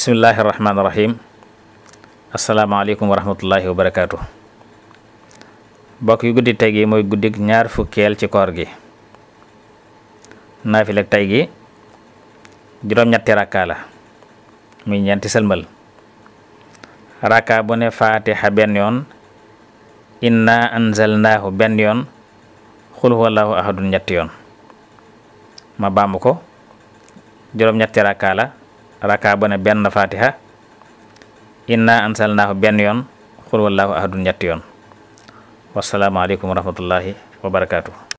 bismillahi irrahmaani irrahim asalaamaaleykum wa rahmatullahi wa bokk yu guddi tey gi mooy guddik ñaar fukkeel ci koor gi naafileeg tay gi juróom-ñetti rakkaa la muy ñeenti sëlmal rakka bu ne faatixa benn yoon inna anzalnaahu benn yoon xul huwallaahu ahadun ñetti yoon ma baamu ko juróom-ñetti rakkaa raka bu ne benn fatiha inna ansalnaahu benn yoon xul wallaahu ahadun ñetti yoon wasalaamaaleykum wa rahmatullahi wa barakaatu.